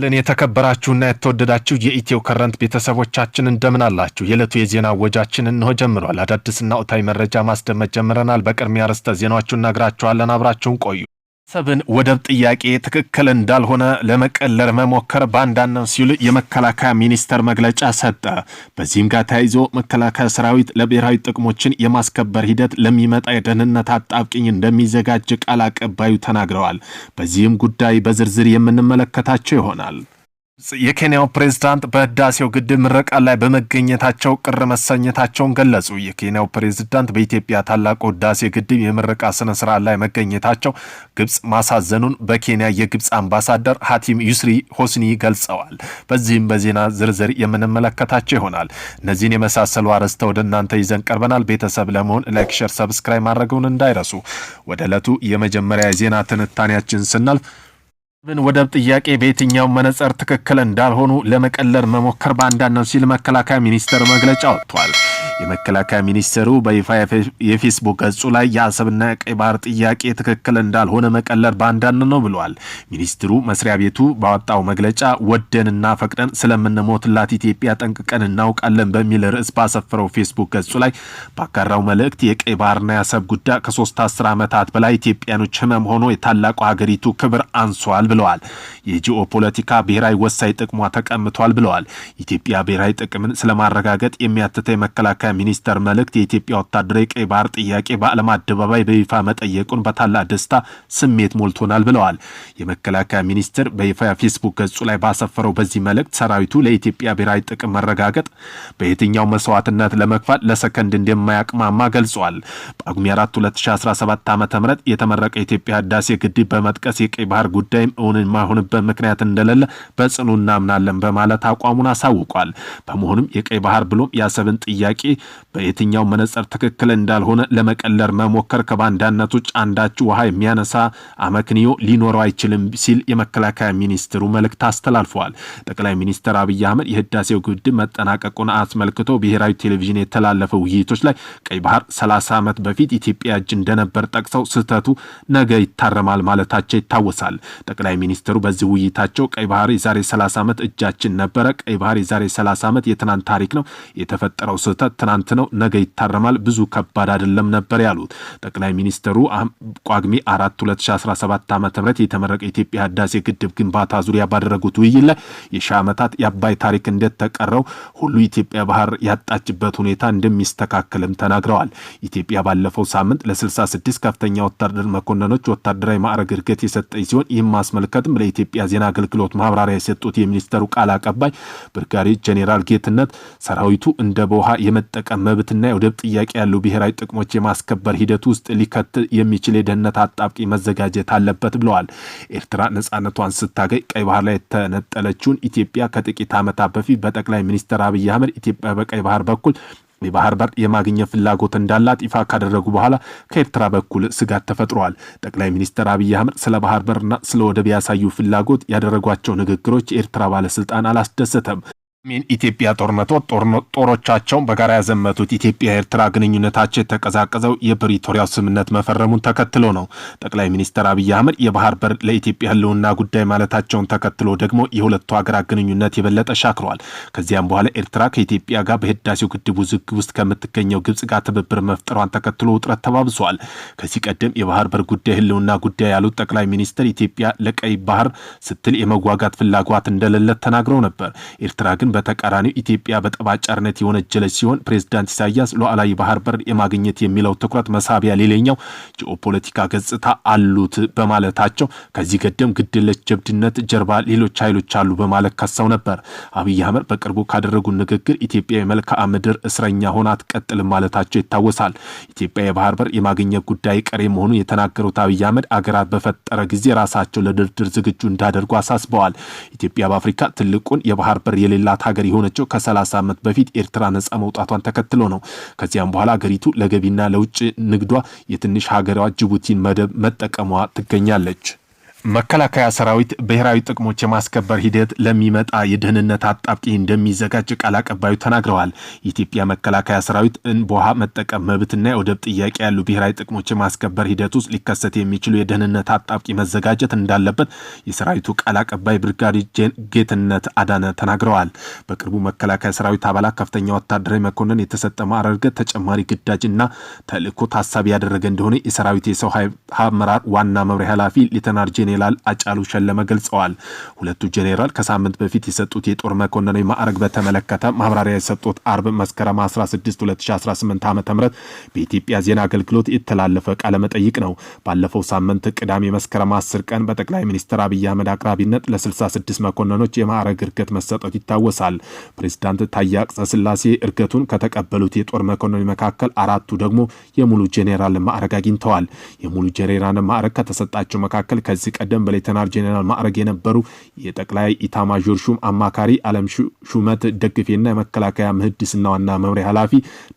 ልን የተከበራችሁና የተወደዳችሁ የኢትዮ ከረንት ቤተሰቦቻችን እንደምን አላችሁ? የዕለቱ የዜና ወጃችን እንሆ ጀምሯል። አዳዲስና ወቅታዊ መረጃ ማስደመጥ ጀምረናል። በቅድሚያ ርዕሰ ዜናዎቹን ነግራችኋለን። አብራችሁን ቆዩ። አሰብን ወደብ ጥያቄ ትክክል እንዳልሆነ ለመቀለር መሞከር ባንዳ ነው ሲሉ የመከላከያ ሚኒስቴር መግለጫ ሰጠ። በዚህም ጋር ተያይዞ መከላከያ ሰራዊት ለብሔራዊ ጥቅሞችን የማስከበር ሂደት ለሚመጣ የደህንነት አጣብቅኝ እንደሚዘጋጅ ቃል አቀባዩ ተናግረዋል። በዚህም ጉዳይ በዝርዝር የምንመለከታቸው ይሆናል። የኬንያው ፕሬዝዳንት በህዳሴው ግድብ ምረቃ ላይ በመገኘታቸው ቅር መሰኘታቸውን ገለጹ። የኬንያው ፕሬዝዳንት በኢትዮጵያ ታላቁ ህዳሴ ግድብ የምረቃ ስነ ስርዓት ላይ መገኘታቸው ግብፅ ማሳዘኑን በኬንያ የግብፅ አምባሳደር ሀቲም ዩስሪ ሆስኒ ገልጸዋል። በዚህም በዜና ዝርዝር የምንመለከታቸው ይሆናል። እነዚህን የመሳሰሉ አርዕስተ ወደ እናንተ ይዘን ቀርበናል። ቤተሰብ ለመሆን ላይክ፣ ሸር፣ ሰብስክራይብ ማድረገውን እንዳይረሱ። ወደ ዕለቱ የመጀመሪያ የዜና ትንታኔያችን ስናልፍ ብን ወደብ ጥያቄ በየትኛው መነጽር ትክክል እንዳልሆኑ ለመቀለል መሞከር ባንዳ ነው ሲል መከላከያ ሚኒስቴር መግለጫ ወጥቷል። የመከላከያ ሚኒስቴሩ በይፋ የፌስቡክ ገጹ ላይ የአሰብና የቀይ ባህር ጥያቄ ትክክል እንዳልሆነ መቀለድ ባንዳን ነው ብለዋል። ሚኒስትሩ መስሪያ ቤቱ ባወጣው መግለጫ ወደንና ፈቅደን ስለምንሞትላት ኢትዮጵያ ጠንቅቀን እናውቃለን በሚል ርዕስ ባሰፈረው ፌስቡክ ገጹ ላይ ባጋራው መልእክት የቀይ ባህርና የአሰብ ጉዳይ ከሶስት አስር ዓመታት በላይ ኢትዮጵያኖች ህመም ሆኖ የታላቁ ሀገሪቱ ክብር አንሷል ብለዋል። የጂኦ ፖለቲካ ብሔራዊ ወሳኝ ጥቅሟ ተቀምቷል ብለዋል። ኢትዮጵያ ብሔራዊ ጥቅምን ስለማረጋገጥ የሚያትተ የመከላከያ መከላከያ ሚኒስቴር መልእክት የኢትዮጵያ ወታደራዊ ቀይ ባህር ጥያቄ በዓለም አደባባይ በይፋ መጠየቁን በታላቅ ደስታ ስሜት ሞልቶናል ብለዋል። የመከላከያ ሚኒስቴር በይፋ ፌስቡክ ገጹ ላይ ባሰፈረው በዚህ መልእክት ሰራዊቱ ለኢትዮጵያ ብሔራዊ ጥቅም መረጋገጥ በየትኛው መስዋዕትነት ለመክፋት ለሰከንድ እንደማያቅማማ ገልጿል። በጳጉሜ 4 2017 ዓ ም የተመረቀ የኢትዮጵያ ህዳሴ ግድብ በመጥቀስ የቀይ ባህር ጉዳይም እውን የማይሆንበት ምክንያት እንደሌለ በጽኑ እናምናለን በማለት አቋሙን አሳውቋል። በመሆኑም የቀይ ባህር ብሎም የአሰብን ጥያቄ በየትኛው መነጽር ትክክል እንዳልሆነ ለመቀለር መሞከር ከባንዳነት ውጭ አንዳች ውሃ የሚያነሳ አመክንዮ ሊኖረው አይችልም ሲል የመከላከያ ሚኒስትሩ መልእክት አስተላልፈዋል። ጠቅላይ ሚኒስትር አብይ አህመድ የህዳሴው ግድብ መጠናቀቁን አስመልክቶ ብሔራዊ ቴሌቪዥን የተላለፈ ውይይቶች ላይ ቀይ ባህር 30 ዓመት በፊት ኢትዮጵያ እጅ እንደነበር ጠቅሰው ስህተቱ ነገ ይታረማል ማለታቸው ይታወሳል። ጠቅላይ ሚኒስትሩ በዚህ ውይይታቸው ቀይ ባህር የዛሬ 30 ዓመት እጃችን ነበረ። ቀይ ባህር የዛሬ 30 ዓመት የትናንት ታሪክ ነው። የተፈጠረው ስህተት ትናንት ነው፣ ነገ ይታረማል፣ ብዙ ከባድ አይደለም ነበር ያሉት ጠቅላይ ሚኒስትሩ ቋግሜ 4 2017 ዓ ም የተመረቀ የኢትዮጵያ ህዳሴ ግድብ ግንባታ ዙሪያ ባደረጉት ውይይት ላይ የሺ ዓመታት የአባይ ታሪክ እንደተቀረው ሁሉ ኢትዮጵያ ባህር ያጣችበት ሁኔታ እንደሚስተካከልም ተናግረዋል። ኢትዮጵያ ባለፈው ሳምንት ለ66 ከፍተኛ ወታደር መኮንኖች ወታደራዊ ማዕረግ እድገት የሰጠኝ ሲሆን ይህም ማስመልከትም ለኢትዮጵያ ዜና አገልግሎት ማብራሪያ የሰጡት የሚኒስተሩ ቃል አቀባይ ብርጋዴር ጄኔራል ጌትነት ሰራዊቱ እንደ በውሃ የመጠ የመጠቀም መብትና የወደብ ጥያቄ ያሉ ብሔራዊ ጥቅሞች የማስከበር ሂደት ውስጥ ሊከት የሚችል የደህንነት አጣብቂ መዘጋጀት አለበት ብለዋል። ኤርትራ ነጻነቷን ስታገኝ ቀይ ባህር ላይ የተነጠለችውን ኢትዮጵያ ከጥቂት ዓመታት በፊት በጠቅላይ ሚኒስትር አብይ አህመድ ኢትዮጵያ በቀይ ባህር በኩል የባህር በር የማግኘት ፍላጎት እንዳላት ይፋ ካደረጉ በኋላ ከኤርትራ በኩል ስጋት ተፈጥሯል። ጠቅላይ ሚኒስትር አብይ አህመድ ስለ ባህር በርና ስለ ወደብ ያሳዩ ፍላጎት ያደረጓቸው ንግግሮች የኤርትራ ባለስልጣን አላስደሰተም። ሰሜን ኢትዮጵያ ጦርነት ወቅት ጦሮቻቸውን በጋራ ያዘመቱት ኢትዮጵያ ኤርትራ ግንኙነታቸው የተቀዛቀዘው የፕሪቶሪያው ስምምነት መፈረሙን ተከትሎ ነው። ጠቅላይ ሚኒስትር አብይ አህመድ የባህር በር ለኢትዮጵያ ሕልውና ጉዳይ ማለታቸውን ተከትሎ ደግሞ የሁለቱ ሀገራት ግንኙነት የበለጠ ሻክሯል። ከዚያም በኋላ ኤርትራ ከኢትዮጵያ ጋር በህዳሴው ግድብ ውዝግብ ውስጥ ከምትገኘው ግብጽ ጋር ትብብር መፍጠሯን ተከትሎ ውጥረት ተባብሷል። ከዚህ ቀደም የባህር በር ጉዳይ ሕልውና ጉዳይ ያሉት ጠቅላይ ሚኒስትር ኢትዮጵያ ለቀይ ባህር ስትል የመዋጋት ፍላጓት እንደሌለት ተናግረው ነበር። ኤርትራ ግን በተቃራኒው ኢትዮጵያ በጠብ አጫሪነት የወነጀለች ሲሆን ፕሬዚዳንት ኢሳያስ ሉዓላዊ ባህር በር የማግኘት የሚለው ትኩረት መሳቢያ ሌላኛው ጂኦፖለቲካ ገጽታ አሉት በማለታቸው ከዚህ ቀደም ግድለች ጀብድነት ጀርባ ሌሎች ኃይሎች አሉ በማለት ከሰው ነበር። አብይ አህመድ በቅርቡ ካደረጉ ንግግር ኢትዮጵያ የመልክዓ ምድር እስረኛ ሆና አትቀጥልም ማለታቸው ይታወሳል። ኢትዮጵያ የባህር በር የማግኘት ጉዳይ ቀሪ መሆኑን የተናገሩት አብይ አህመድ አገራት በፈጠረ ጊዜ ራሳቸው ለድርድር ዝግጁ እንዳደርጉ አሳስበዋል። ኢትዮጵያ በአፍሪካ ትልቁን የባህር በር የሌላት ሀገር የሆነችው ከ30 ዓመት በፊት ኤርትራ ነጻ መውጣቷን ተከትሎ ነው። ከዚያም በኋላ ሀገሪቱ ለገቢና ለውጭ ንግዷ የትንሽ ሀገሯ ጅቡቲን መደብ መጠቀሟ ትገኛለች። መከላከያ ሰራዊት ብሔራዊ ጥቅሞች የማስከበር ሂደት ለሚመጣ የደህንነት አጣብቂ እንደሚዘጋጅ ቃል አቀባዩ ተናግረዋል። የኢትዮጵያ መከላከያ ሰራዊት በውሃ መጠቀም መብትና የወደብ ጥያቄ ያሉ ብሔራዊ ጥቅሞች የማስከበር ሂደት ውስጥ ሊከሰት የሚችሉ የደህንነት አጣብቂ መዘጋጀት እንዳለበት የሰራዊቱ ቃል አቀባይ ብርጋዴር ጌትነት አዳነ ተናግረዋል። በቅርቡ መከላከያ ሰራዊት አባላት ከፍተኛ ወታደራዊ መኮንን የተሰጠ ማዕረግ ተጨማሪ ግዳጅና ተልእኮ ታሳቢ ያደረገ እንደሆነ የሰራዊት የሰው አመራር ዋና መምሪያ ኃላፊ ሌተናል ጄኔራል አጫሉ ሸለመ ገልጸዋል። ሁለቱ ጄኔራል ከሳምንት በፊት የሰጡት የጦር መኮንኖች ማዕረግ በተመለከተ ማብራሪያ የሰጡት አርብ መስከረም 16 2018 ዓ ም በኢትዮጵያ ዜና አገልግሎት የተላለፈ ቃለመጠይቅ ነው። ባለፈው ሳምንት ቅዳሜ መስከረም 10 ቀን በጠቅላይ ሚኒስትር አብይ አህመድ አቅራቢነት ለ66 መኮንኖች የማዕረግ እርገት መሰጠቱ ይታወሳል። ፕሬዚዳንት ታዬ አጽቀሥላሴ እርገቱን ከተቀበሉት የጦር መኮንኖች መካከል አራቱ ደግሞ የሙሉ ጄኔራል ማዕረግ አግኝተዋል። የሙሉ ጄኔራል ማዕረግ ከተሰጣቸው መካከል ከዚህ ቀደም በሌተናል ጄኔራል ማዕረግ የነበሩ የጠቅላይ ኢታማዦር ሹም አማካሪ አለም ሹመት ደግፌና የመከላከያ ምህድስና ዋና መምሪያ ኃላፊ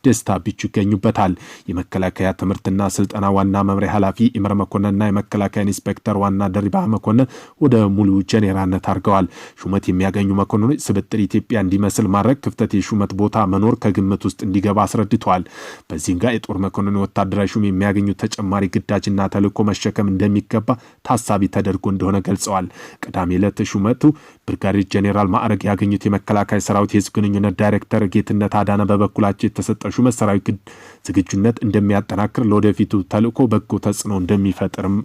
ደስታ ቢቹ ይገኙበታል። የመከላከያ ትምህርትና ስልጠና ዋና መምሪያ ኃላፊ ኢምር መኮንንና የመከላከያ ኢንስፔክተር ዋና ደሪባ መኮንን ወደ ሙሉ ጄኔራልነት አድርገዋል። ሹመት የሚያገኙ መኮንኖች ስብጥር ኢትዮጵያ እንዲመስል ማድረግ ክፍተት የሹመት ቦታ መኖር ከግምት ውስጥ እንዲገባ አስረድተዋል። በዚህም ጋር የጦር መኮንን ወታደራዊ ሹም የሚያገኙ ተጨማሪ ግዳጅና ተልዕኮ መሸከም እንደሚገባ ታሳቢ ተደርጎ እንደሆነ ገልጸዋል። ቅዳሜ ዕለት ሹመቱ ብርጋዴር ጄኔራል ማዕረግ ያገኙት የመከላከያ ሰራዊት የህዝብ ግንኙነት ዳይሬክተር ጌትነት አዳነ በበኩላቸው የተሰጠ ሹመት ሰራዊት ዝግጁነት እንደሚያጠናክር፣ ለወደፊቱ ተልዕኮ በጎ ተጽዕኖ እንደሚፈጥርም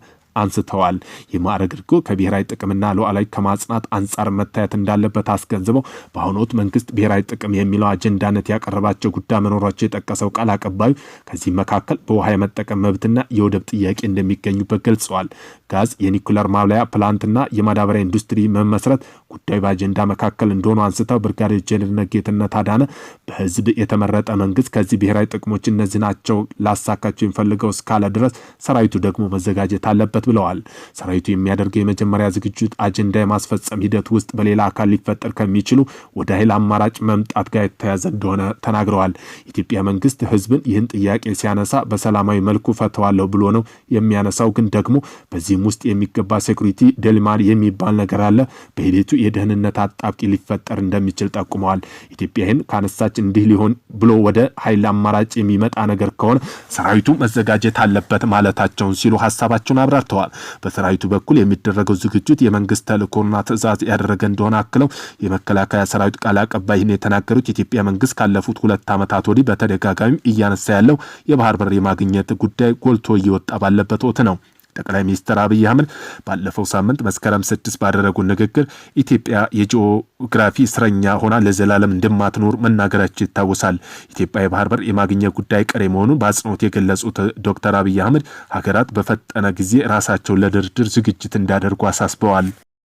አንስተዋል። የማዕረግ እርጎ ከብሔራዊ ጥቅምና ሉዓላዊ ከማጽናት አንጻር መታየት እንዳለበት አስገንዝበው በአሁኑ ወቅት መንግስት ብሔራዊ ጥቅም የሚለው አጀንዳነት ያቀረባቸው ጉዳይ መኖራቸው የጠቀሰው ቃል አቀባዩ ከዚህ መካከል በውሃ የመጠቀም መብትና የወደብ ጥያቄ እንደሚገኙበት ገልጸዋል። ጋዝ፣ የኒኩለር ማብላያ ፕላንትና የማዳበሪያ ኢንዱስትሪ መመስረት ጉዳዩ በአጀንዳ መካከል እንደሆኑ አንስተው ብርጋዴር ጀነራል ጌትነት አዳነ በህዝብ የተመረጠ መንግስት ከዚህ ብሔራዊ ጥቅሞች እነዚህ ናቸው ላሳካቸው የሚፈልገው እስካለ ድረስ ሰራዊቱ ደግሞ መዘጋጀት አለበት ብለዋል። ሰራዊቱ የሚያደርገው የመጀመሪያ ዝግጅት አጀንዳ የማስፈጸም ሂደት ውስጥ በሌላ አካል ሊፈጠር ከሚችሉ ወደ ኃይል አማራጭ መምጣት ጋር የተያዘ እንደሆነ ተናግረዋል። የኢትዮጵያ መንግስት ህዝብን ይህን ጥያቄ ሲያነሳ በሰላማዊ መልኩ ፈተዋለሁ ብሎ ነው የሚያነሳው። ግን ደግሞ በዚህም ውስጥ የሚገባ ሴኩሪቲ ደልማል የሚባል ነገር አለ። በሂደቱ የደህንነት አጣብቂ ሊፈጠር እንደሚችል ጠቁመዋል። ኢትዮጵያ ይህን ካነሳች እንዲህ ሊሆን ብሎ ወደ ኃይል አማራጭ የሚመጣ ነገር ከሆነ ሰራዊቱ መዘጋጀት አለበት ማለታቸውን ሲሉ ሀሳባቸውን አብራርተዋል። አብራርተዋል። በሰራዊቱ በኩል የሚደረገው ዝግጅት የመንግስት ተልእኮና ትዕዛዝ ያደረገ እንደሆነ አክለው የመከላከያ ሰራዊት ቃል አቀባይ ይህን የተናገሩት የኢትዮጵያ መንግስት ካለፉት ሁለት ዓመታት ወዲህ በተደጋጋሚ እያነሳ ያለው የባህር በር የማግኘት ጉዳይ ጎልቶ እየወጣ ባለበት ወቅት ነው። ጠቅላይ ሚኒስትር አብይ አህመድ ባለፈው ሳምንት መስከረም ስድስት ባደረጉ ንግግር ኢትዮጵያ የጂኦግራፊ እስረኛ ሆና ለዘላለም እንደማትኖር መናገራቸው ይታወሳል። ኢትዮጵያ የባህር በር የማግኘት ጉዳይ ቀሬ መሆኑን በአጽንኦት የገለጹት ዶክተር አብይ አህመድ ሀገራት በፈጠነ ጊዜ ራሳቸውን ለድርድር ዝግጅት እንዳደርጉ አሳስበዋል።